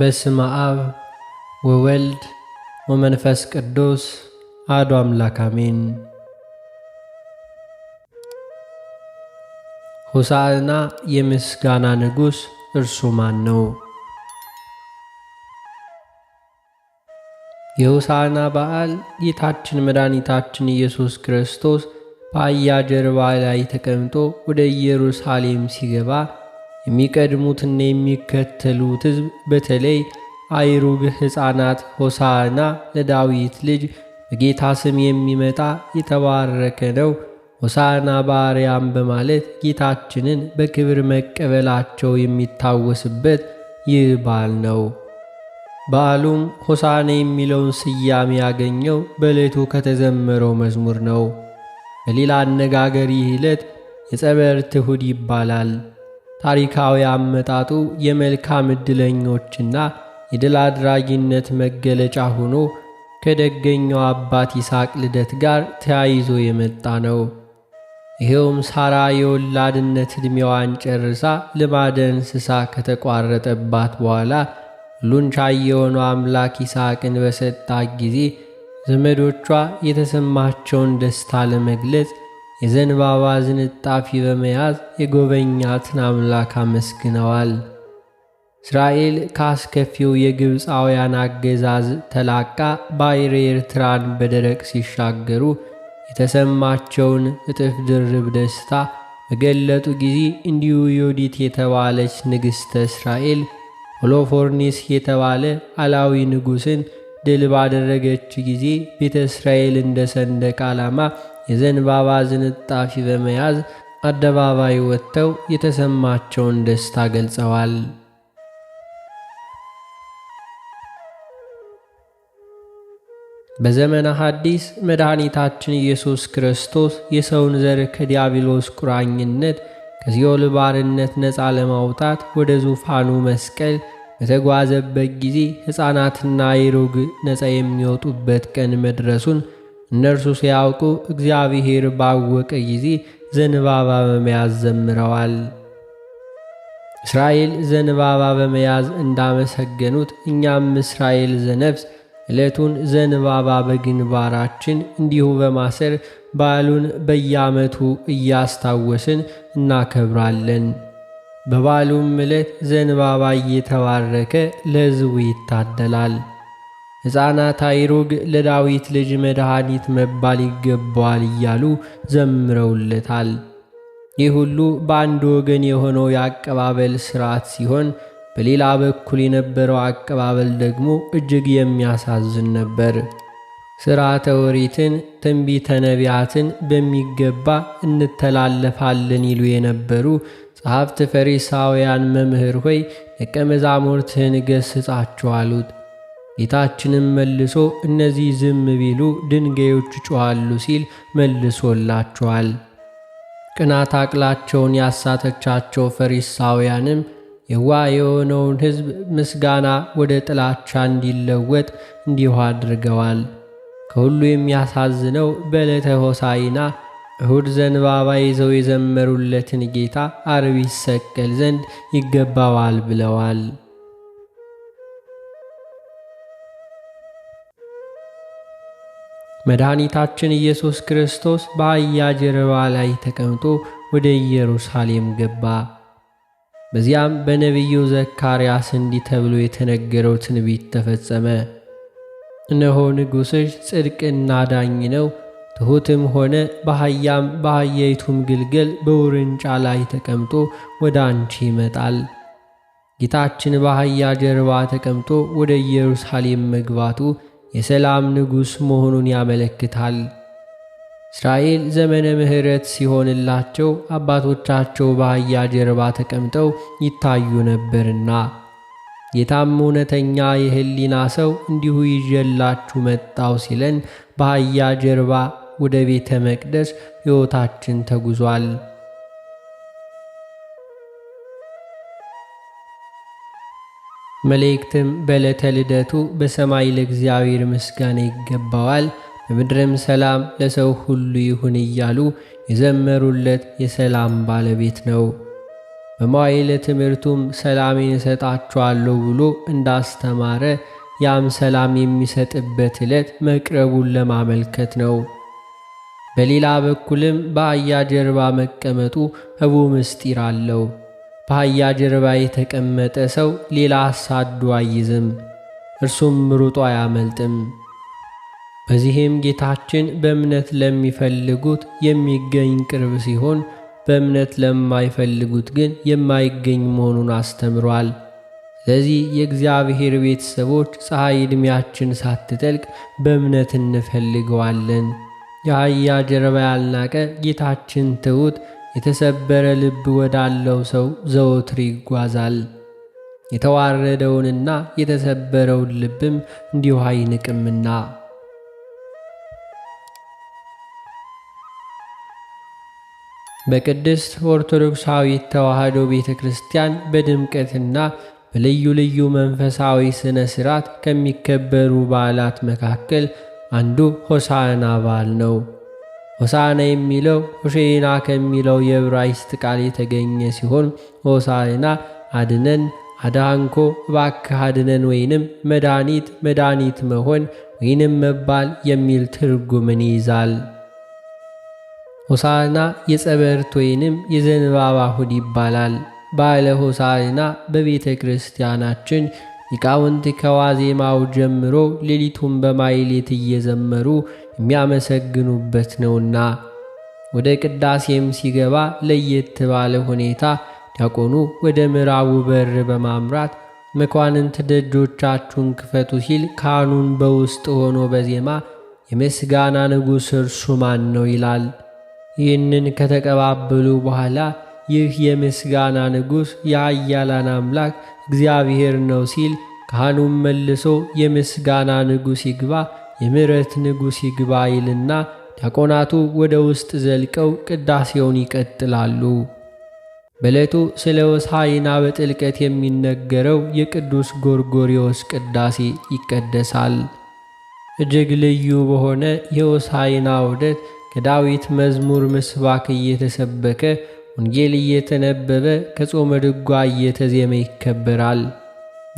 በስመ አብ ወወልድ ወመንፈስ ቅዱስ አሐዱ አምላክ አሜን። ሆሳዕና የምስጋና ንጉሥ እርሱ ማን ነው? የሆሳዕና በዓል ጌታችን መድኃኒታችን ኢየሱስ ክርስቶስ በአህያ ጀርባ ላይ ተቀምጦ ወደ ኢየሩሳሌም ሲገባ የሚቀድሙትና የሚከተሉት ሕዝብ በተለይ አይሩግ ሕፃናት ሆሳና ለዳዊት ልጅ በጌታ ስም የሚመጣ የተባረከ ነው ሆሳና ባርያም በማለት ጌታችንን በክብር መቀበላቸው የሚታወስበት ይህ በዓል ነው። በዓሉም ሆሳና የሚለውን ስያሜ ያገኘው በዕለቱ ከተዘመረው መዝሙር ነው። በሌላ አነጋገር ይህ ዕለት የጸበርት እሁድ ይባላል። ታሪካዊ አመጣጡ የመልካም ዕድለኞችና የድል አድራጊነት መገለጫ ሆኖ ከደገኛው አባት ይስሐቅ ልደት ጋር ተያይዞ የመጣ ነው። ይኸውም ሳራ የወላድነት ዕድሜዋን ጨርሳ ልማደ እንስሳ ከተቋረጠባት በኋላ ሁሉን ቻይ የሆነው አምላክ ይስሐቅን በሰጣት ጊዜ ዘመዶቿ የተሰማቸውን ደስታ ለመግለጽ የዘንባባ ዝንጣፊ በመያዝ የጎበኛትን አምላክ አመስግነዋል። እስራኤል ከአስከፊው የግብፃውያን አገዛዝ ተላቃ ባሕረ ኤርትራን በደረቅ ሲሻገሩ የተሰማቸውን እጥፍ ድርብ ደስታ በገለጡ ጊዜ እንዲሁ ዮዲት የተባለች ንግሥተ እስራኤል ሆሎፎርኒስ የተባለ አላዊ ንጉሥን ድል ባደረገች ጊዜ ቤተ እስራኤል እንደ ሰንደቅ ዓላማ የዘንባባ ዝንጣፊ በመያዝ አደባባይ ወጥተው የተሰማቸውን ደስታ ገልጸዋል። በዘመነ ሐዲስ መድኃኒታችን ኢየሱስ ክርስቶስ የሰውን ዘር ከዲያብሎስ ቁራኝነት ከሲኦል ባርነት ነፃ ለማውጣት ወደ ዙፋኑ መስቀል በተጓዘበት ጊዜ ሕፃናትና የሮግ ነፃ የሚወጡበት ቀን መድረሱን እነርሱ ሲያውቁ እግዚአብሔር ባወቀ ጊዜ ዘንባባ በመያዝ ዘምረዋል። እስራኤል ዘንባባ በመያዝ እንዳመሰገኑት እኛም እስራኤል ዘነፍስ ዕለቱን ዘንባባ በግንባራችን እንዲሁ በማሰር በዓሉን በየዓመቱ እያስታወስን እናከብራለን። በበዓሉም ዕለት ዘንባባ እየተባረከ ለሕዝቡ ይታደላል። ሕፃናት አይሩግ ለዳዊት ልጅ መድኃኒት መባል ይገባዋል እያሉ ዘምረውለታል። ይህ ሁሉ በአንድ ወገን የሆነው የአቀባበል ሥርዓት ሲሆን፣ በሌላ በኩል የነበረው አቀባበል ደግሞ እጅግ የሚያሳዝን ነበር። ሥርዓተ ኦሪትን፣ ትንቢተ ነቢያትን በሚገባ እንተላለፋለን ይሉ የነበሩ ጸሐፍት ፈሪሳውያን መምህር ሆይ ደቀ መዛሙርትህን ገሥጻቸው አሉት። ጌታችንም መልሶ እነዚህ ዝም ቢሉ ድንጋዮች ጮኋሉ ሲል መልሶላቸዋል። ቅናት አቅላቸውን ያሳተቻቸው ፈሪሳውያንም የዋ የሆነውን ሕዝብ ምስጋና ወደ ጥላቻ እንዲለወጥ እንዲሁ አድርገዋል። ከሁሉ የሚያሳዝነው በዕለተ ሆሳይና እሁድ ዘንባባ ይዘው የዘመሩለትን ጌታ አርብ ይሰቀል ዘንድ ይገባዋል ብለዋል። መድኃኒታችን ኢየሱስ ክርስቶስ በአህያ ጀርባ ላይ ተቀምጦ ወደ ኢየሩሳሌም ገባ። በዚያም በነቢዩ ዘካርያስ እንዲህ ተብሎ የተነገረው ትንቢት ተፈጸመ። እነሆ ንጉሥሽ ጽድቅና ዳኝ ነው፣ ትሑትም ሆነ በአህያም በአህያይቱም ግልገል በውርንጫ ላይ ተቀምጦ ወደ አንቺ ይመጣል። ጌታችን በአህያ ጀርባ ተቀምጦ ወደ ኢየሩሳሌም መግባቱ የሰላም ንጉሥ መሆኑን ያመለክታል። እስራኤል ዘመነ ምሕረት ሲሆንላቸው አባቶቻቸው በአህያ ጀርባ ተቀምጠው ይታዩ ነበርና ጌታም እውነተኛ የሕሊና ሰው እንዲሁ ይዤላችሁ መጣው ሲለን በአህያ ጀርባ ወደ ቤተ መቅደስ ሕይወታችን ተጉዟል። መላእክትም በዕለተ ልደቱ በሰማይ ለእግዚአብሔር ምስጋና ይገባዋል፣ በምድርም ሰላም ለሰው ሁሉ ይሁን እያሉ የዘመሩለት የሰላም ባለቤት ነው። በመዋዕለ ትምህርቱም ሰላሜን እሰጣችኋለሁ ብሎ እንዳስተማረ ያም ሰላም የሚሰጥበት ዕለት መቅረቡን ለማመልከት ነው። በሌላ በኩልም በአህያ ጀርባ መቀመጡ እቡ ምስጢር አለው። በአህያ ጀርባ የተቀመጠ ሰው ሌላ አሳዶ አይዝም፣ እርሱም ሩጦ አያመልጥም። በዚህም ጌታችን በእምነት ለሚፈልጉት የሚገኝ ቅርብ ሲሆን በእምነት ለማይፈልጉት ግን የማይገኝ መሆኑን አስተምሯል። ስለዚህ የእግዚአብሔር ቤተሰቦች ፀሐይ ዕድሜያችን ሳትጠልቅ በእምነት እንፈልገዋለን። የአህያ ጀርባ ያልናቀ ጌታችን ትሑት የተሰበረ ልብ ወዳለው ሰው ዘወትር ይጓዛል። የተዋረደውንና የተሰበረውን ልብም እንዲሁ አይንቅምና በቅድስት ኦርቶዶክሳዊት ተዋህዶ ቤተ ክርስቲያን በድምቀትና በልዩ ልዩ መንፈሳዊ ሥነ ሥርዓት ከሚከበሩ በዓላት መካከል አንዱ ሆሳዕና በዓል ነው። ሆሳና የሚለው ሆሼና ከሚለው የዕብራይስጥ ቃል የተገኘ ሲሆን ሆሳና አድነን፣ አዳንኮ እባክህ አድነን ወይንም መድኃኒት መድኃኒት መሆን ወይንም መባል የሚል ትርጉምን ይይዛል። ሆሳና የጸበርት ወይንም የዘንባባ ሁድ ይባላል። ባለ ሆሳና በቤተ ክርስቲያናችን ሊቃውንት ከዋዜማው ጀምሮ ሌሊቱን በማይሌት እየዘመሩ የሚያመሰግኑበት ነውና። ወደ ቅዳሴም ሲገባ ለየት ባለ ሁኔታ ዲያቆኑ ወደ ምዕራቡ በር በማምራት መኳንንት ደጆቻችሁን ክፈቱ ሲል ካህኑን በውስጥ ሆኖ በዜማ የምስጋና ንጉሥ እርሱ ማን ነው ይላል። ይህንን ከተቀባበሉ በኋላ ይህ የምስጋና ንጉሥ የአያላን አምላክ እግዚአብሔር ነው ሲል ካህኑም መልሶ የምስጋና ንጉሥ ይግባ የምሕረት ንጉሥ ይግባ ይልና ዲያቆናቱ ወደ ውስጥ ዘልቀው ቅዳሴውን ይቀጥላሉ። በዕለቱ ስለ ወሳይና በጥልቀት የሚነገረው የቅዱስ ጎርጎሪዎስ ቅዳሴ ይቀደሳል። እጅግ ልዩ በሆነ የወሳይና ውደት ከዳዊት መዝሙር ምስባክ እየተሰበከ ወንጌል እየተነበበ ከጾመ ድጓ እየተዜመ ይከበራል።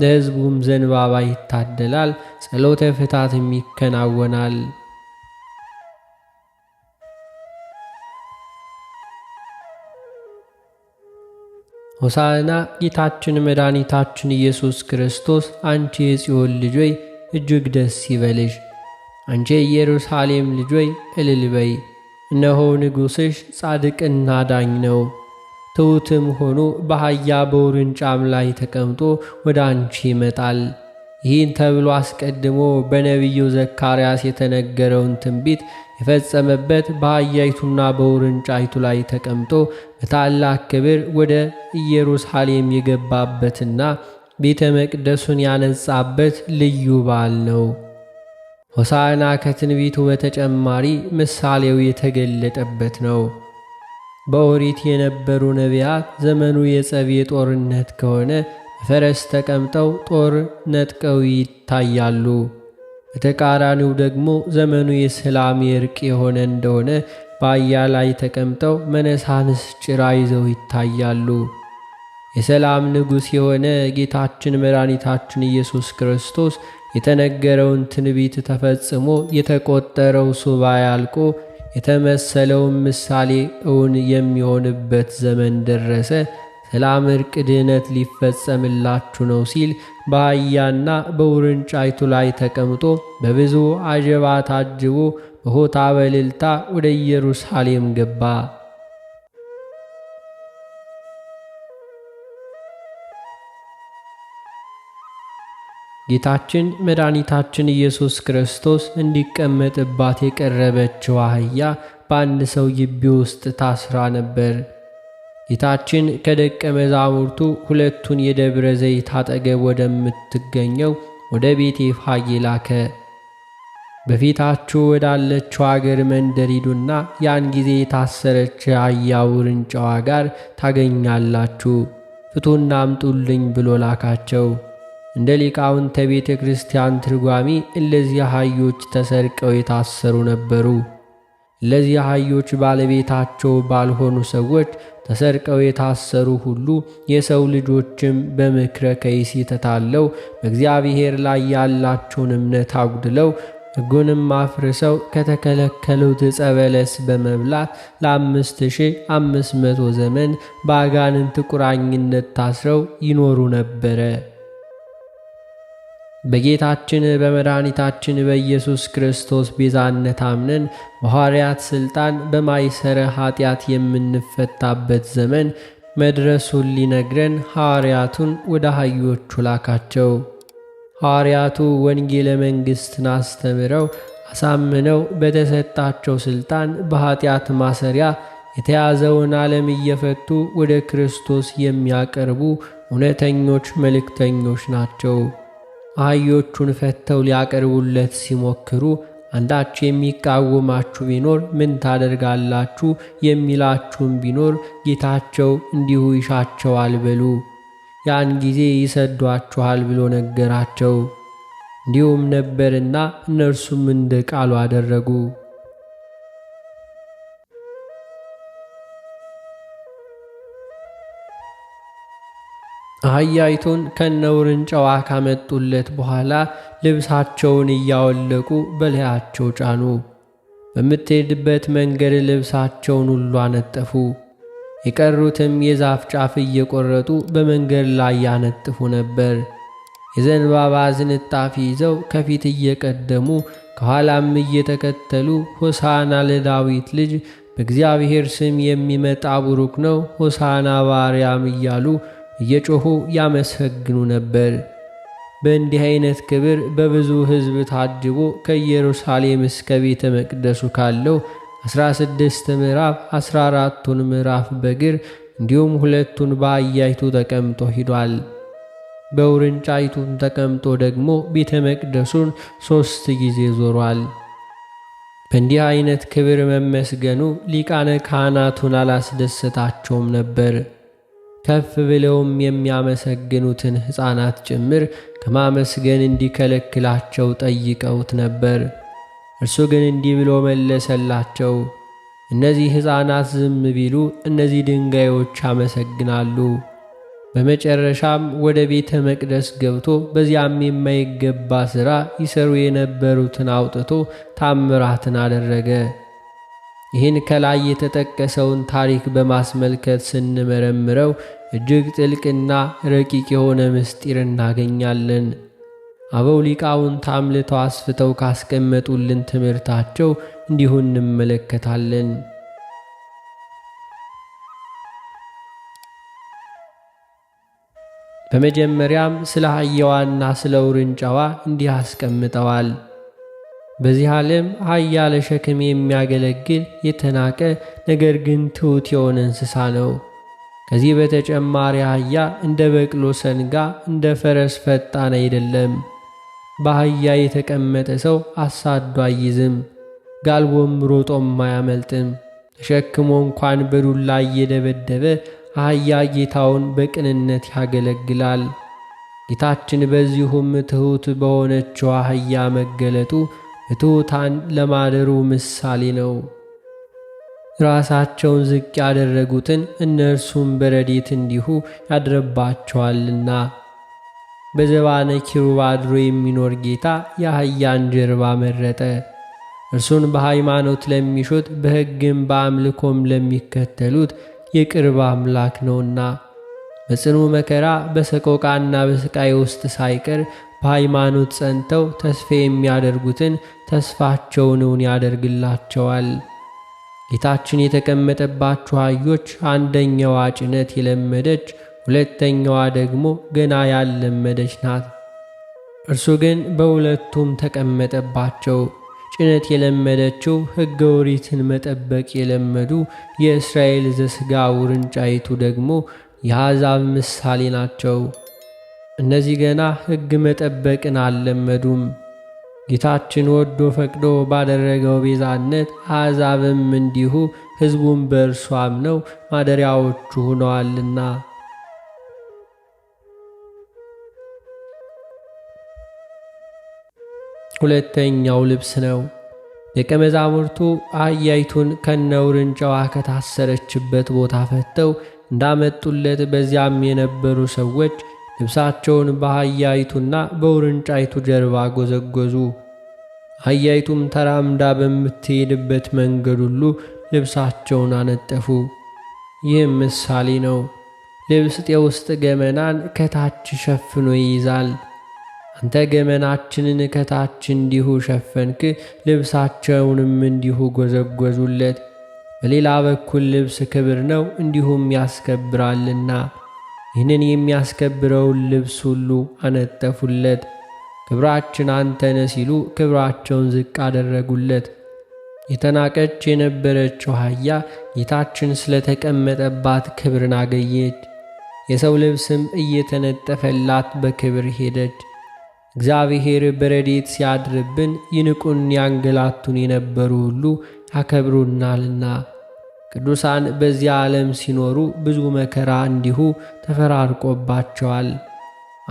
ለሕዝቡም ዘንባባ ይታደላል፣ ጸሎተ ፍታትም ይከናወናል። ሆሳዕና ጌታችን መድኃኒታችን ኢየሱስ ክርስቶስ አንቺ የጽዮን ልጆይ እጅግ ደስ ይበልሽ፣ አንቺ የኢየሩሳሌም ልጆይ እልል በይ፣ እነሆ ንጉሥሽ ጻድቅና ዳኝ ነው። ትሑትም ሆኖ በአህያ በውርንጫም ላይ ተቀምጦ ወደ አንቺ ይመጣል። ይህን ተብሎ አስቀድሞ በነቢዩ ዘካርያስ የተነገረውን ትንቢት የፈጸመበት በአህያይቱና በውርንጫይቱ ላይ ተቀምጦ በታላቅ ክብር ወደ ኢየሩሳሌም የገባበትና ቤተ መቅደሱን ያነጻበት ልዩ በዓል ነው። ሆሳዕና ከትንቢቱ በተጨማሪ ምሳሌው የተገለጠበት ነው። በኦሪት የነበሩ ነቢያት ዘመኑ የጸብ ጦርነት ከሆነ ፈረስ ተቀምጠው ጦር ነጥቀው ይታያሉ። በተቃራኒው ደግሞ ዘመኑ የሰላም የእርቅ የሆነ እንደሆነ በአህያ ላይ ተቀምጠው መነሳንስ ጭራ ይዘው ይታያሉ። የሰላም ንጉሥ የሆነ ጌታችን መድኃኒታችን ኢየሱስ ክርስቶስ የተነገረውን ትንቢት ተፈጽሞ የተቆጠረው ሱባ ያልቆ የተመሰለውን ምሳሌ እውን የሚሆንበት ዘመን ደረሰ፣ ስለ አመርቅ ድህነት ሊፈጸምላችሁ ነው ሲል በአህያና በውርንጫይቱ ላይ ተቀምጦ በብዙ አጀባ ታጅቦ በሆታ በልልታ ወደ ኢየሩሳሌም ገባ። ጌታችን መድኃኒታችን ኢየሱስ ክርስቶስ እንዲቀመጥባት የቀረበችው አህያ በአንድ ሰው ግቢ ውስጥ ታስራ ነበር። ጌታችን ከደቀ መዛሙርቱ ሁለቱን የደብረ ዘይት አጠገብ ወደምትገኘው ወደ ቤቴ ፋጌ ላከ። በፊታችሁ ወዳለችው አገር መንደር ሂዱና ያን ጊዜ የታሰረች አህያ ውርንጫዋ ጋር ታገኛላችሁ፣ ፍቱና አምጡልኝ ብሎ ላካቸው። እንደ ሊቃውንተ ቤተ ክርስቲያን ትርጓሚ እለዚህ አህዮች ተሰርቀው የታሰሩ ነበሩ። እለዚህ አህዮች ባለቤታቸው ባልሆኑ ሰዎች ተሰርቀው የታሰሩ ሁሉ የሰው ልጆችም በምክረ ከይሲ ተታለው በእግዚአብሔር ላይ ያላቸውን እምነት አጉድለው ሕጉንም አፍርሰው ከተከለከሉት ዕፀ በለስ በመብላት ለአምስት ሺህ አምስት መቶ ዘመን በአጋንንት ቁራኝነት ታስረው ይኖሩ ነበረ። በጌታችን በመድኃኒታችን በኢየሱስ ክርስቶስ ቤዛነት አምነን በሐዋርያት ሥልጣን በማይሰረ ኀጢአት የምንፈታበት ዘመን መድረሱን ሊነግረን ሐዋርያቱን ወደ አህዮቹ ላካቸው። ሐዋርያቱ ወንጌለ መንግሥትን አስተምረው አሳምነው በተሰጣቸው ሥልጣን በኀጢአት ማሰሪያ የተያዘውን ዓለም እየፈቱ ወደ ክርስቶስ የሚያቀርቡ እውነተኞች መልእክተኞች ናቸው። አህዮቹን ፈተው ሊያቀርቡለት ሲሞክሩ አንዳችሁ የሚቃወማችሁ ቢኖር ምን ታደርጋላችሁ የሚላችሁም ቢኖር ጌታቸው እንዲሁ ይሻቸዋል በሉ፣ ያን ጊዜ ይሰዷችኋል ብሎ ነገራቸው። እንዲሁም ነበርና እነርሱም እንደ ቃሉ አደረጉ። አህያይቱን ከነውርንጫዋ ካመጡለት በኋላ ልብሳቸውን እያወለቁ በላያቸው ጫኑ። በምትሄድበት መንገድ ልብሳቸውን ሁሉ አነጠፉ። የቀሩትም የዛፍ ጫፍ እየቆረጡ በመንገድ ላይ ያነጥፉ ነበር። የዘንባባ ዝንጣፊ ይዘው ከፊት እየቀደሙ ከኋላም እየተከተሉ ሆሳና ለዳዊት ልጅ በእግዚአብሔር ስም የሚመጣ ቡሩክ ነው፣ ሆሳና ባርያም እያሉ እየጮኹ ያመሰግኑ ነበር። በእንዲህ አይነት ክብር በብዙ ሕዝብ ታጅቦ ከኢየሩሳሌም እስከ ቤተ መቅደሱ ካለው ስድስት ምዕራፍ 14 አራቱን ምዕራፍ በግር እንዲሁም ሁለቱን በአህያይቱ ተቀምጦ ሂዷል። በውርንጫይቱን ተቀምጦ ደግሞ ቤተ መቅደሱን ሦስት ጊዜ ዞሯል። በእንዲህ አይነት ክብር መመስገኑ ሊቃነ ካህናቱን አላስደሰታቸውም ነበር። ከፍ ብለውም የሚያመሰግኑትን ሕፃናት ጭምር ከማመስገን እንዲከለክላቸው ጠይቀውት ነበር። እርሱ ግን እንዲህ ብሎ መለሰላቸው፣ እነዚህ ሕፃናት ዝም ቢሉ እነዚህ ድንጋዮች ያመሰግናሉ። በመጨረሻም ወደ ቤተ መቅደስ ገብቶ በዚያም የማይገባ ሥራ ይሰሩ የነበሩትን አውጥቶ ታምራትን አደረገ። ይህን ከላይ የተጠቀሰውን ታሪክ በማስመልከት ስንመረምረው እጅግ ጥልቅና ረቂቅ የሆነ ምስጢር እናገኛለን። አበው ሊቃውንት አምልተው አስፍተው ካስቀመጡልን ትምህርታቸው እንዲሁ እንመለከታለን። በመጀመሪያም ስለ አህያዋና ስለ ውርንጫዋ እንዲህ አስቀምጠዋል። በዚህ ዓለም አህያ ለሸክም የሚያገለግል የተናቀ ነገር ግን ትሑት የሆነ እንስሳ ነው። ከዚህ በተጨማሪ አህያ እንደ በቅሎ ሰንጋ፣ እንደ ፈረስ ፈጣን አይደለም። በአህያ የተቀመጠ ሰው አሳዶ አይዝም፣ ጋልቦም ሮጦም አያመልጥም። ተሸክሞ እንኳን በዱላ እየደበደበ አህያ ጌታውን በቅንነት ያገለግላል። ጌታችን በዚሁም ትሑት በሆነችው አህያ መገለጡ ትሑታን ለማደሩ ምሳሌ ነው። ራሳቸውን ዝቅ ያደረጉትን እነርሱም በረዴት እንዲሁ ያድረባቸዋልና በዘባነ ኪሩብ አድሮ የሚኖር ጌታ የአህያን ጀርባ መረጠ። እርሱን በሃይማኖት ለሚሹት በሕግም በአምልኮም ለሚከተሉት የቅርብ አምላክ ነውና በጽኑ መከራ በሰቆቃና በሥቃይ ውስጥ ሳይቀር በሃይማኖት ጸንተው ተስፋ የሚያደርጉትን ተስፋቸውን እውን ያደርግላቸዋል። ጌታችን የተቀመጠባችሁ አህዮች አንደኛዋ ጭነት የለመደች ሁለተኛዋ ደግሞ ገና ያልለመደች ናት። እርሱ ግን በሁለቱም ተቀመጠባቸው። ጭነት የለመደችው ሕገ ኦሪትን መጠበቅ የለመዱ የእስራኤል ዘሥጋ ውርንጫይቱ ደግሞ የአሕዛብ ምሳሌ ናቸው። እነዚህ ገና ሕግ መጠበቅን አልለመዱም። ጌታችን ወዶ ፈቅዶ ባደረገው ቤዛነት አሕዛብም እንዲሁ ሕዝቡም በእርሱ አምነው ማደሪያዎቹ ሆነዋልና። ሁለተኛው ልብስ ነው። ደቀ መዛሙርቱ አህያይቱን ከነውርንጫዋ ከታሰረችበት ቦታ ፈተው እንዳመጡለት በዚያም የነበሩ ሰዎች ልብሳቸውን በአህያይቱና በውርንጫይቱ ጀርባ ጎዘጎዙ። አህያይቱም ተራምዳ በምትሄድበት መንገድ ሁሉ ልብሳቸውን አነጠፉ። ይህም ምሳሌ ነው። ልብስ የውስጥ ገመናን ከታች ሸፍኖ ይይዛል። አንተ ገመናችንን ከታች እንዲሁ ሸፈንክ፣ ልብሳቸውንም እንዲሁ ጎዘጎዙለት። በሌላ በኩል ልብስ ክብር ነው እንዲሁም ያስከብራልና ይህንን የሚያስከብረውን ልብስ ሁሉ አነጠፉለት። ክብራችን አንተነ ሲሉ ክብራቸውን ዝቅ አደረጉለት። የተናቀች የነበረችው አህያ ጌታችን ስለተቀመጠባት ክብርን አገኘች። የሰው ልብስም እየተነጠፈላት በክብር ሄደች። እግዚአብሔር በረዴት ሲያድርብን ይንቁን ያንገላቱን የነበሩ ሁሉ ያከብሩናልና ቅዱሳን በዚያ ዓለም ሲኖሩ ብዙ መከራ እንዲሁ ተፈራርቆባቸዋል።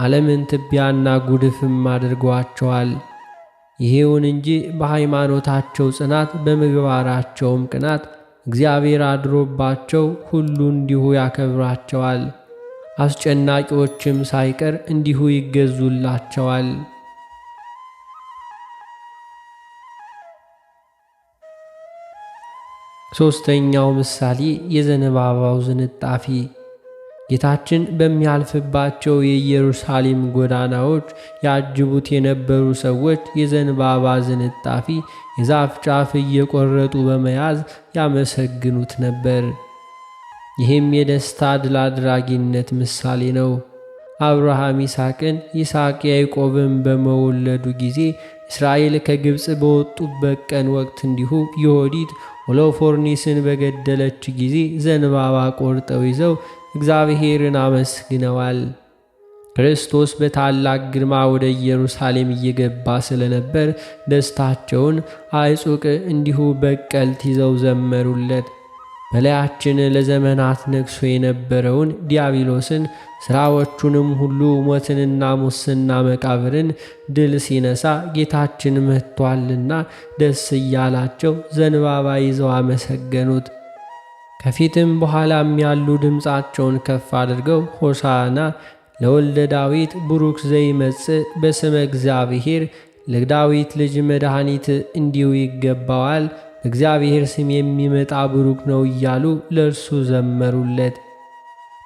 ዓለምን ትቢያና ጉድፍም አድርጓቸዋል። ይሄውን እንጂ በሃይማኖታቸው ጽናት፣ በምግባራቸውም ቅናት እግዚአብሔር አድሮባቸው ሁሉ እንዲሁ ያከብራቸዋል። አስጨናቂዎችም ሳይቀር እንዲሁ ይገዙላቸዋል። ሦስተኛው ምሳሌ የዘነባባው ዝንጣፊ ጌታችን በሚያልፍባቸው የኢየሩሳሌም ጎዳናዎች ያጅቡት የነበሩ ሰዎች የዘንባባ ዝንጣፊ የዛፍ ጫፍ እየቆረጡ በመያዝ ያመሰግኑት ነበር። ይህም የደስታ ድል አድራጊነት ምሳሌ ነው። አብርሃም ይስሐቅን፣ ይስሐቅ ያዕቆብን በመወለዱ ጊዜ፣ እስራኤል ከግብፅ በወጡበት ቀን ወቅት እንዲሁ የወዲት ሆሎፎርኒስን በገደለች ጊዜ ዘንባባ ቆርጠው ይዘው እግዚአብሔርን አመስግነዋል። ክርስቶስ በታላቅ ግርማ ወደ ኢየሩሳሌም እየገባ ስለነበር ደስታቸውን አይጹቅ እንዲሁ በቀልት ይዘው ዘመሩለት። በላያችን ለዘመናት ነግሶ የነበረውን ዲያብሎስን ሥራዎቹንም ሁሉ ሞትንና ሙስና መቃብርን ድል ሲነሳ ጌታችን መጥቷልና ደስ እያላቸው ዘንባባ ይዘው አመሰገኑት። ከፊትም በኋላም ያሉ ድምፃቸውን ከፍ አድርገው ሆሳና ለወልደ ዳዊት ብሩክ ዘይመጽእ በስመ እግዚአብሔር ለዳዊት ልጅ መድኃኒት እንዲሁ ይገባዋል እግዚአብሔር ስም የሚመጣ ብሩክ ነው እያሉ ለእርሱ ዘመሩለት።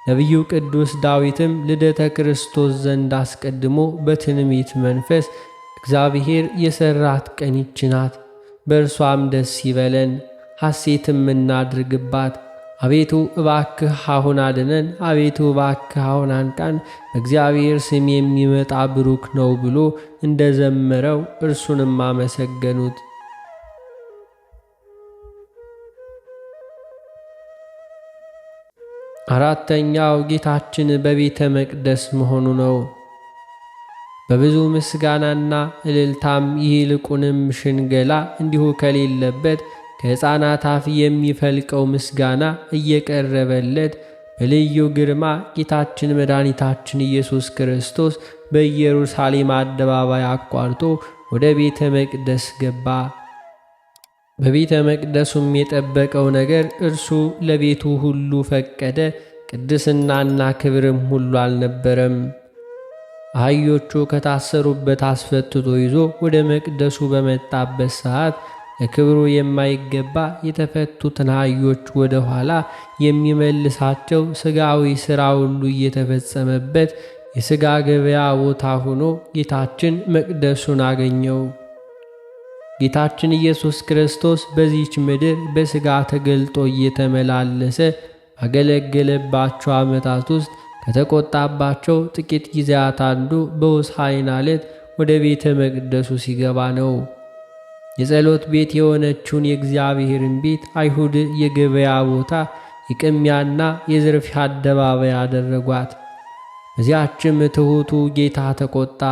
ነቢዩ ቅዱስ ዳዊትም ልደተ ክርስቶስ ዘንድ አስቀድሞ በትንቢት መንፈስ እግዚአብሔር የሠራት ቀን ናት፣ በእርሷም ደስ ይበለን ሐሴትም እናድርግባት። አቤቱ እባክህ አሁን አድነን፣ አቤቱ እባክህ አሁን አንቃን፣ በእግዚአብሔር ስም የሚመጣ ብሩክ ነው ብሎ እንደ ዘመረው እርሱንም አመሰገኑት። አራተኛው ጌታችን በቤተ መቅደስ መሆኑ ነው። በብዙ ምስጋናና እልልታም ይልቁንም ሽንገላ እንዲሁ ከሌለበት ከሕፃናት አፍ የሚፈልቀው ምስጋና እየቀረበለት በልዩ ግርማ ጌታችን መድኃኒታችን ኢየሱስ ክርስቶስ በኢየሩሳሌም አደባባይ አቋርጦ ወደ ቤተ መቅደስ ገባ። በቤተ መቅደሱም የጠበቀው ነገር እርሱ ለቤቱ ሁሉ ፈቀደ። ቅድስናና ክብርም ሁሉ አልነበረም። አህዮቹ ከታሰሩበት አስፈትቶ ይዞ ወደ መቅደሱ በመጣበት ሰዓት ለክብሩ የማይገባ የተፈቱትን አህዮች ወደ ኋላ የሚመልሳቸው ሥጋዊ ሥራ ሁሉ እየተፈጸመበት የሥጋ ገበያ ቦታ ሆኖ ጌታችን መቅደሱን አገኘው። ጌታችን ኢየሱስ ክርስቶስ በዚች ምድር በሥጋ ተገልጦ እየተመላለሰ ባገለገለባቸው ዓመታት ውስጥ ከተቆጣባቸው ጥቂት ጊዜያት አንዱ በሆሣዕና ዕለት ወደ ቤተ መቅደሱ ሲገባ ነው። የጸሎት ቤት የሆነችውን የእግዚአብሔርን ቤት አይሁድ የገበያ ቦታ፣ የቅሚያና የዝርፊያ አደባባይ አደረጓት። በዚያችም ትሑቱ ጌታ ተቆጣ።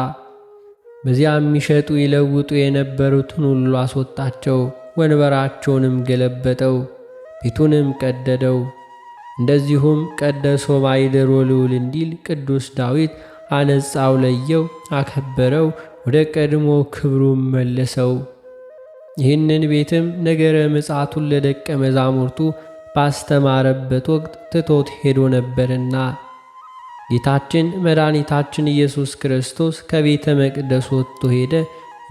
በዚያም የሚሸጡ ይለውጡ የነበሩትን ሁሉ አስወጣቸው፣ ወንበራቸውንም ገለበጠው፣ ቤቱንም ቀደደው። እንደዚሁም ቀደሶ ማይደር ወልውል እንዲል ቅዱስ ዳዊት አነጻው፣ ለየው፣ አከበረው፣ ወደ ቀድሞ ክብሩም መለሰው። ይህንን ቤትም ነገረ ምጽአቱን ለደቀ መዛሙርቱ ባስተማረበት ወቅት ትቶት ሄዶ ነበርና ጌታችን መድኃኒታችን ኢየሱስ ክርስቶስ ከቤተ መቅደስ ወጥቶ ሄደ።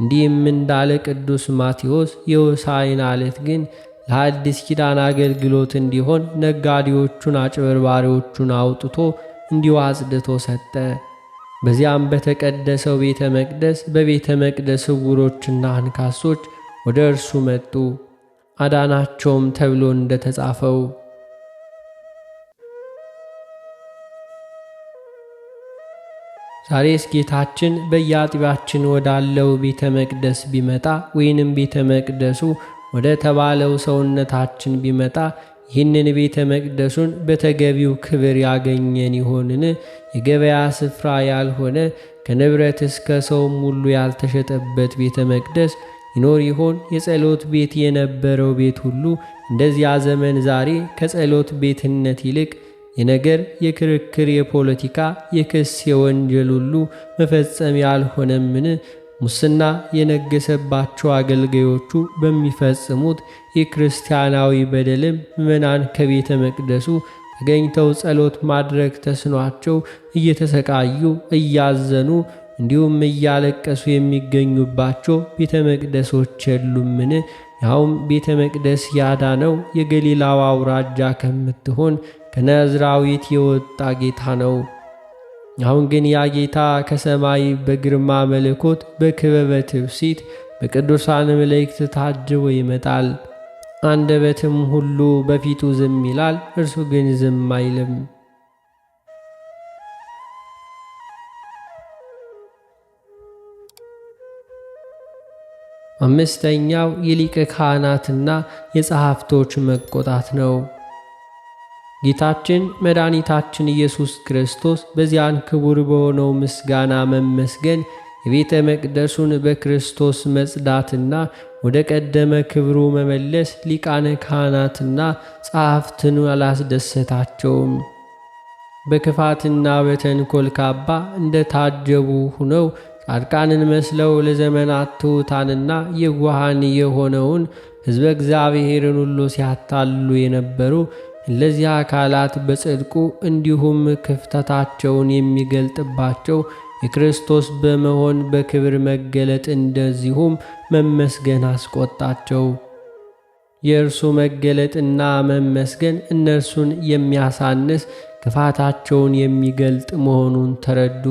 እንዲህም እንዳለ ቅዱስ ማቴዎስ የሆሳዕና ዕለት ግን ለአዲስ ኪዳን አገልግሎት እንዲሆን ነጋዴዎቹን፣ አጭበርባሪዎቹን አውጥቶ እንዲሁ አጽድቶ ሰጠ። በዚያም በተቀደሰው ቤተ መቅደስ በቤተ መቅደስ ዕውሮችና አንካሶች ወደ እርሱ መጡ፣ አዳናቸውም ተብሎ እንደ ተጻፈው ዛሬስ ጌታችን በየአጥቢያችን ወዳለው ቤተ መቅደስ ቢመጣ ወይንም ቤተ መቅደሱ ወደ ተባለው ሰውነታችን ቢመጣ ይህንን ቤተ መቅደሱን በተገቢው ክብር ያገኘን ይሆንን? የገበያ ስፍራ ያልሆነ ከንብረት እስከ ሰውም ሁሉ ያልተሸጠበት ቤተ መቅደስ ይኖር ይሆን? የጸሎት ቤት የነበረው ቤት ሁሉ እንደዚያ ዘመን ዛሬ ከጸሎት ቤትነት ይልቅ የነገር፣ የክርክር፣ የፖለቲካ፣ የክስ፣ የወንጀል ሁሉ መፈጸሚያ ያልሆነምን ሙስና የነገሰባቸው አገልጋዮቹ በሚፈጽሙት የክርስቲያናዊ በደልም ምዕመናን ከቤተ መቅደሱ ተገኝተው ጸሎት ማድረግ ተስኗቸው እየተሰቃዩ እያዘኑ እንዲሁም እያለቀሱ የሚገኙባቸው ቤተ መቅደሶች የሉምን? ያውም ቤተ መቅደስ ያዳነው የገሊላው አውራጃ ከምትሆን ከነዝራዊት የወጣ ጌታ ነው። አሁን ግን ያ ጌታ ከሰማይ በግርማ መለኮት በክበበ ትውፊት በቅዱሳን መላእክት ታጅቦ ይመጣል። አንደበትም ሁሉ በፊቱ ዝም ይላል፣ እርሱ ግን ዝም አይልም። አምስተኛው የሊቀ ካህናትና የጸሐፍቶች መቆጣት ነው። ጌታችን መድኃኒታችን ኢየሱስ ክርስቶስ በዚያን ክቡር በሆነው ምስጋና መመስገን የቤተ መቅደሱን በክርስቶስ መጽዳትና ወደ ቀደመ ክብሩ መመለስ ሊቃነ ካህናትና ጸሐፍትን አላስደሰታቸውም። በክፋትና በተንኮል ካባ እንደ ታጀቡ ሁነው ጻድቃንን መስለው ለዘመናት ትሑታንና የዋሃን የሆነውን ሕዝበ እግዚአብሔርን ሁሉ ሲያታልሉ የነበሩ እነዚህ አካላት በጽድቁ እንዲሁም ክፍተታቸውን የሚገልጥባቸው የክርስቶስ በመሆን በክብር መገለጥ እንደዚሁም መመስገን አስቆጣቸው። የእርሱ መገለጥና መመስገን እነርሱን የሚያሳንስ ክፋታቸውን የሚገልጥ መሆኑን ተረዱ።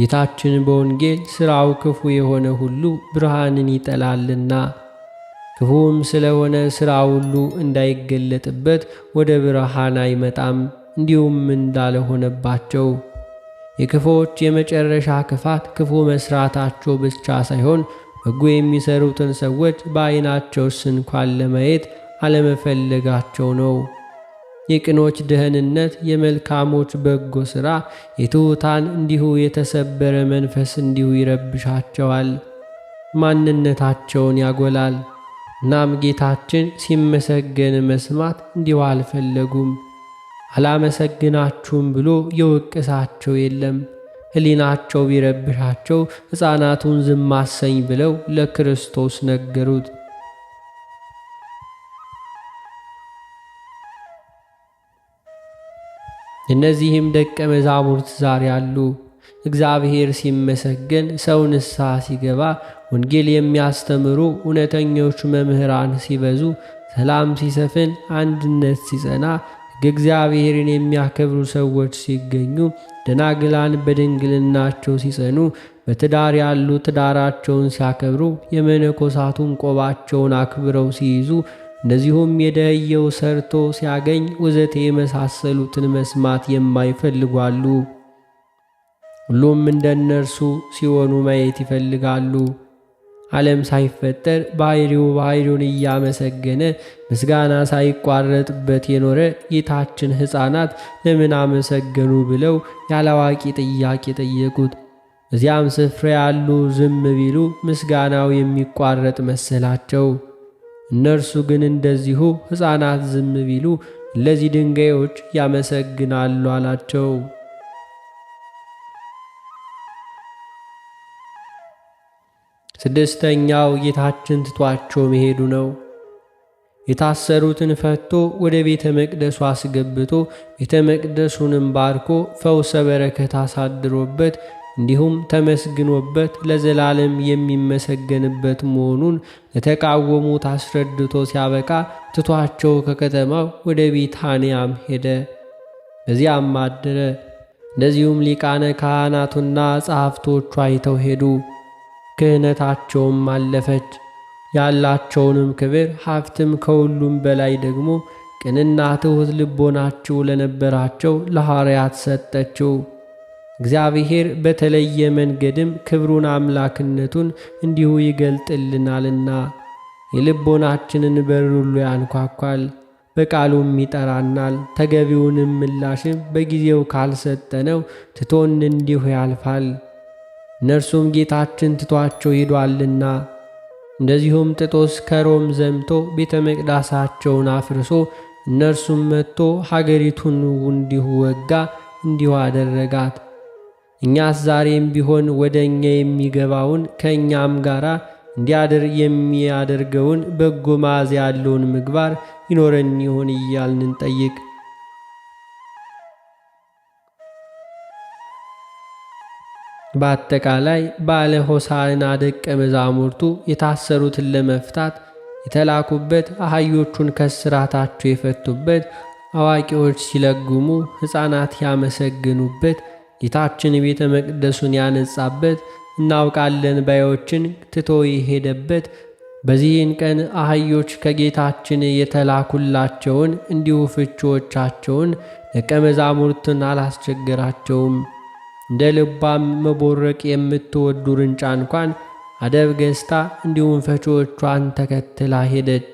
ጌታችን በወንጌል ሥራው ክፉ የሆነ ሁሉ ብርሃንን ይጠላልና ክፉም ስለሆነ ሥራ ሁሉ እንዳይገለጥበት ወደ ብርሃን አይመጣም። እንዲሁም እንዳለሆነባቸው የክፎች የመጨረሻ ክፋት ክፉ መስራታቸው ብቻ ሳይሆን በጎ የሚሰሩትን ሰዎች በዐይናቸው እንኳን ለማየት አለመፈለጋቸው ነው። የቅኖች ደህንነት፣ የመልካሞች በጎ ሥራ፣ የትሑታን እንዲሁ የተሰበረ መንፈስ እንዲሁ ይረብሻቸዋል፣ ማንነታቸውን ያጎላል። እናም ጌታችን ሲመሰገን መስማት እንዲሁ አልፈለጉም። አላመሰግናችሁም ብሎ የወቀሳቸው የለም። ሕሊናቸው ቢረብሻቸው ሕፃናቱን ዝም አሰኝ ብለው ለክርስቶስ ነገሩት። እነዚህም ደቀ መዛሙርት ዛሬ አሉ። እግዚአብሔር ሲመሰገን ሰው ንስሐ ሲገባ ወንጌል የሚያስተምሩ እውነተኞች መምህራን ሲበዙ ሰላም ሲሰፍን አንድነት ሲጸና ሕገ እግዚአብሔርን የሚያከብሩ ሰዎች ሲገኙ ደናግላን በድንግልናቸው ሲጸኑ በትዳር ያሉ ትዳራቸውን ሲያከብሩ የመነኮሳቱን ቆባቸውን አክብረው ሲይዙ እንደዚሁም የደኸየው ሰርቶ ሲያገኝ ውዘቴ የመሳሰሉትን መስማት የማይፈልጓሉ። ሁሉም እንደ እነርሱ ሲሆኑ ማየት ይፈልጋሉ። ዓለም ሳይፈጠር ባሕሪው ባሕሪውን እያመሰገነ ምስጋና ሳይቋረጥበት የኖረ ጌታችን ሕፃናት ለምን አመሰገኑ ብለው ያላዋቂ ጥያቄ ጠየቁት። እዚያም ስፍራ ያሉ ዝም ቢሉ ምስጋናው የሚቋረጥ መሰላቸው። እነርሱ ግን እንደዚሁ ሕፃናት ዝም ቢሉ እለዚህ ድንጋዮች ያመሰግናሉ አላቸው። ስድስተኛው ጌታችን ትቷቸው መሄዱ ነው። የታሰሩትን ፈቶ ወደ ቤተ መቅደሱ አስገብቶ ቤተ መቅደሱንም ባርኮ ፈውሰ በረከት አሳድሮበት እንዲሁም ተመስግኖበት ለዘላለም የሚመሰገንበት መሆኑን ለተቃወሙት አስረድቶ ሲያበቃ ትቷቸው ከከተማው ወደ ቢታንያም ሄደ፣ በዚያም አደረ። እንደዚሁም ሊቃነ ካህናቱና ጸሐፍቶቹ አይተው ሄዱ። ክህነታቸውም አለፈች። ያላቸውንም ክብር ሀብትም ከሁሉም በላይ ደግሞ ቅንና ትሑት ልቦናቸው ለነበራቸው ለሐርያት ሰጠችው። እግዚአብሔር በተለየ መንገድም ክብሩን አምላክነቱን እንዲሁ ይገልጥልናልና የልቦናችንን በር ሁሉ ያንኳኳል፣ በቃሉም ይጠራናል። ተገቢውንም ምላሽም በጊዜው ካልሰጠነው ትቶን እንዲሁ ያልፋል። እነርሱም ጌታችን ትቷቸው ሄዷልና። እንደዚሁም ጥጦስ ከሮም ዘምቶ ቤተ መቅዳሳቸውን አፍርሶ እነርሱም መጥቶ ሀገሪቱን እንዲሁ ወጋ፣ እንዲሁ አደረጋት። እኛስ ዛሬም ቢሆን ወደ እኛ የሚገባውን ከእኛም ጋር እንዲያድር የሚያደርገውን በጎ መዓዛ ያለውን ምግባር ይኖረን ይሆን እያልን እንጠይቅ። በአጠቃላይ ባለ ሆሳዕና ደቀ መዛሙርቱ የታሰሩትን ለመፍታት የተላኩበት፣ አህዮቹን ከስራታቸው የፈቱበት፣ አዋቂዎች ሲለግሙ ሕፃናት ያመሰግኑበት፣ ጌታችን ቤተ መቅደሱን ያነጻበት፣ እናውቃለን ባዮችን ትቶ የሄደበት በዚህን ቀን አህዮች ከጌታችን የተላኩላቸውን እንዲሁ ፍቺዎቻቸውን ደቀ መዛሙርትን አላስቸገራቸውም። እንደ ልባም መቦረቅ የምትወዱ ርንጫ እንኳን አደብ ገዝታ እንዲሁም ፈቺዎቿን ተከትላ ሄደች።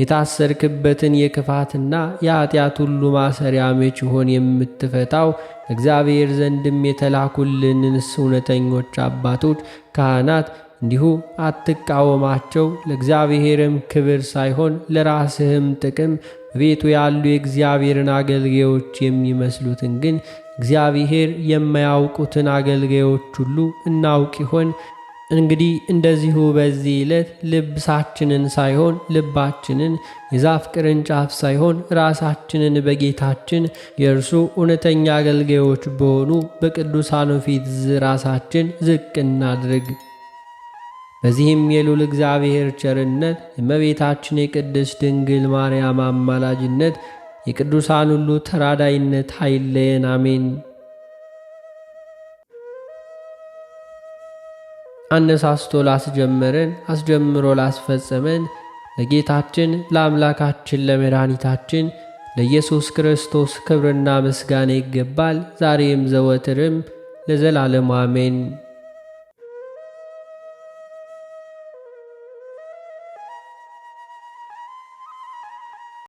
የታሰርክበትን የክፋትና የኀጢአት ሁሉ ማሰሪያ መች ይሆን የምትፈታው? እግዚአብሔር ዘንድም የተላኩልንስ እውነተኞች አባቶች ካህናት እንዲሁ አትቃወማቸው። ለእግዚአብሔርም ክብር ሳይሆን ለራስህም ጥቅም በቤቱ ያሉ የእግዚአብሔርን አገልጋዮች የሚመስሉትን ግን እግዚአብሔር የማያውቁትን አገልጋዮች ሁሉ እናውቅ ይሆን? እንግዲህ እንደዚሁ በዚህ ዕለት ልብሳችንን ሳይሆን ልባችንን የዛፍ ቅርንጫፍ ሳይሆን ራሳችንን በጌታችን የእርሱ እውነተኛ አገልጋዮች በሆኑ በቅዱሳኑ ፊት ራሳችን ዝቅ እናድርግ። በዚህም የሉል እግዚአብሔር ቸርነት የእመቤታችን የቅድስት ድንግል ማርያም አማላጅነት የቅዱሳን ሁሉ ተራዳይነት አይለየን። አሜን። አነሳስቶ ላስጀመረን አስጀምሮ ላስፈጸመን ለጌታችን ለአምላካችን ለመድኃኒታችን ለኢየሱስ ክርስቶስ ክብርና ምስጋና ይገባል፣ ዛሬም ዘወትርም ለዘላለሙ አሜን።